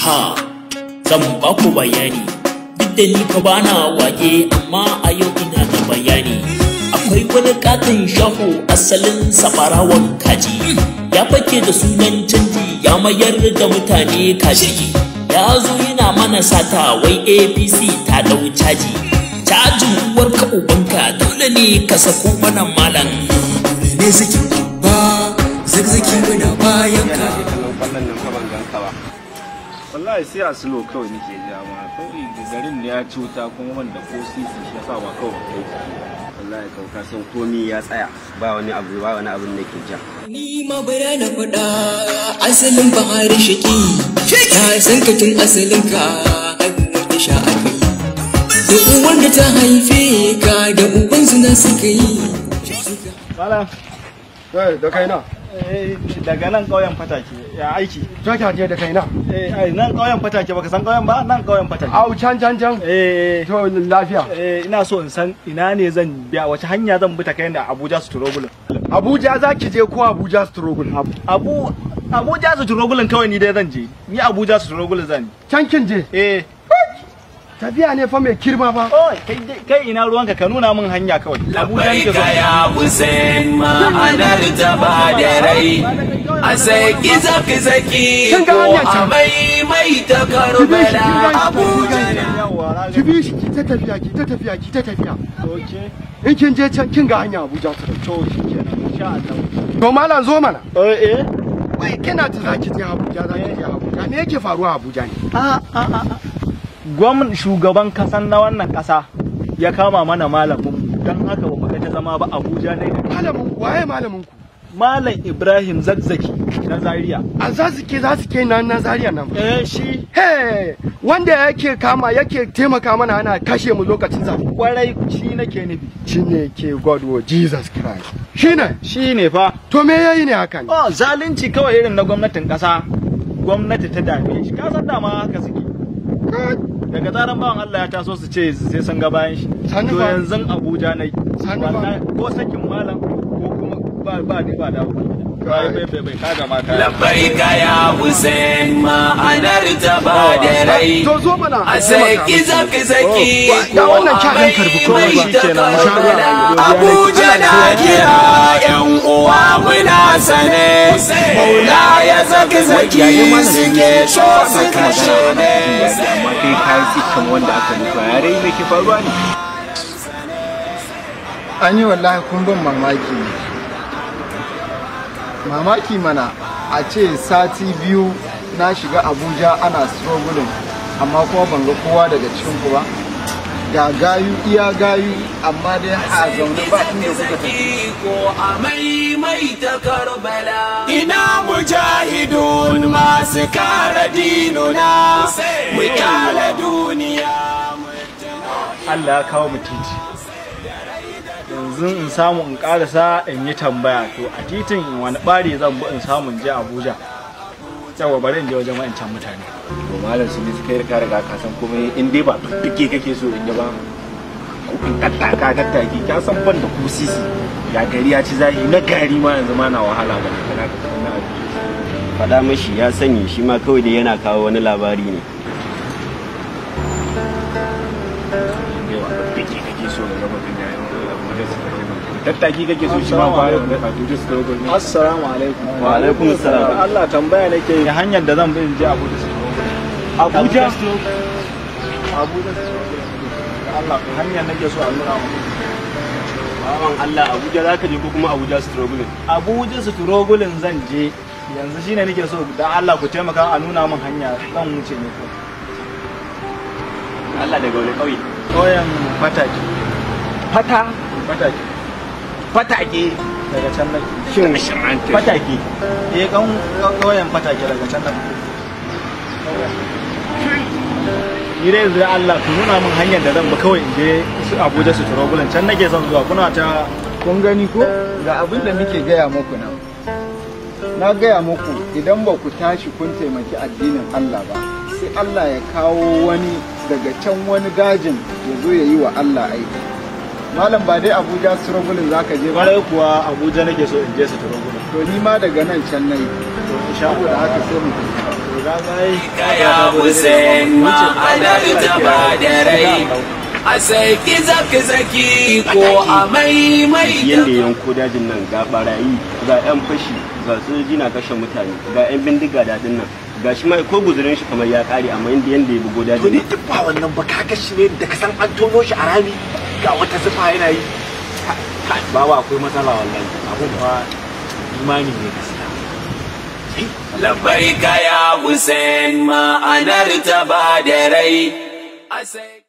Ha, zan baku ku bayani duk da ni fa bana wage amma a yau ina da bayani akwai wani katin shaho asalin safarawan kaji ya fake da sunan canji ya mayar da mutane kaji ya zo yana mana sata wai apc ta dau caji cajin uwar ka ubanka dole ne ka sako mana malam ne zikin ba zigziki da bayan ka wallahi sai a silo kawai nake ji amma kawai garin da ya cuta kuma wanda ko sisi shi sa ba kawai kai wallahi kau ka san komi ya tsaya ba wani abu ba wani abin da ke ja ni ma bara na faɗa asalin bahari shiki ya san ka tun asalin ka haihuwar da sha a kai da uwar da ta haife ka da uban suna suka yi Malam. Eh, da kai na eh, daga nan ƙauyen fatake ya aiki fata ce da kai na eh nan ƙauyen fatake baka san ƙauyen ba nan ƙauyen fatake au can can can eh to lafiya eh ina so in san ina ne zan biya wace hanya zan bi ta kai da Abuja Struggle Abuja za ki je ko Abuja Struggle Abu Abuja Struggle kawai ni dai zan je ni Abuja Struggle zan can kin je eh tafiya ne fa mai kirma ba kai ina ruwanka ka nuna min hanya kawai labudan ne ka ya ma ma'anar ta ba da rai a sai zaki zaki ko amai mai mai ta karbala abuja ki bi shi ki ta tafiya ki ta tafiya ki ta tafiya in kin je can kin ga hanya abuja ta to shi kenan insha Allah to malam zo mana eh eh wai kina ta zaki je abuja zaki je abuja me yake faruwa abuja ne a a a shugaban kasan na wannan kasa ya kama mana malamin don haka ba ga ta zama ba Abuja ne malamin waye malamin ku Malam Ibrahim Zakzaki na Zaria a zazike zazike na na Zaria nan eh shi he wanda yake kama yake taimaka mana ana kashe mu lokacin zafi kwarai shi nake nufi shi ne ke God wo Jesus Christ shi ne shi ne fa to me yayi ne hakan oh zalunci kawai irin na gwamnatin kasa gwamnati ta dame shi ka san dama haka suke daga zaran bawan Allah ya taso su ce sai sun ga bayan shi to yanzu Abuja na yi ko sakin malam ba ba ni ba da Labbaika ya Hussein ma'anar ta ba da rai a saki zaki oh, zaki ko mai da karfana Abuja na kira yan uwa muna sane maula ya zaki zaki suke so su kashe ne. ne. An yi wallahi kun ban mamaki ne. mamaki mana a ce sati biyu na shiga abuja ana struggling amma kuma ban ga kowa daga cikin ku ba ga gayu iya gayu amma dai a zaune ba inda kuka tafi ko a mai ta karbala ina mujahidun masu kara dinuna mu kala duniya Allah ya kawo mu titi yanzu in samu in karasa in yi tambaya to a titin wani bari zan bi in samu je abuja yawa bari in je wajen wa'ancan mutane to malam su ne suka yi ka riga ka san kuma in dai ba fiffike kake so in ba in tattaka tattaki ka san ban da sisi ya gari ya ci zahi na gari ma yanzu ma na wahala ba kana ka fada mashi ya sanya shi ma kawai da yana kawo wani labari ne tattaki kake so ga gaba da yayin ma assalamu alaikum wa alaikum assalam Allah tambaya nake ga hanyar da zan bi je Abuja Abuja Abuja Allah hanyar nake so a nuna Bawan Allah Abuja za je ko kuma Abuja struggling? Abuja struggling zan je yanzu shine nake so da Allah ku taimaka a nuna min hanya zan wuce ne Allah daga wani ƙauye. ƙauyen fataki fata fataki fataki daga can shi shin fataki eh kan ƙauyen fataki daga can da ni dai yanzu Allah ku nuna min hanyar da zan ba kawai in je su Abuja su turo bulan can nake son zuwa kuna ta kun gani ko ga abin da muke gaya muku nan na gaya muku idan ba ku tashi kun taimaki addinin Allah ba sai Allah ya kawo wani daga can wani dajin ya zo ya yi wa Allah aiki malam ba dai abuja struggle za ka je ba kwarai kuwa abuja nake so in je struggle to ni ma daga nan can na yi to insha Allah haka sai mu Kaya Hussein ta ba da rai a saki zaki zaki ko a mai mai yadda yanko dajin nan ga barayi ga yan fashi ga sojoji na kashe mutane ga yan bindiga dadin nan gashi ma ko guzurin shi kamar ya kare amma inda yanda ya bugo dajin ne duk ba wannan ba kaga shi ne da kasan an tono shi a rami ga wata zufa yana yi ba ba akwai matsala wallahi abun ba imani ne gaskiya labbaika ya Hussein ma'anar ta ba da rai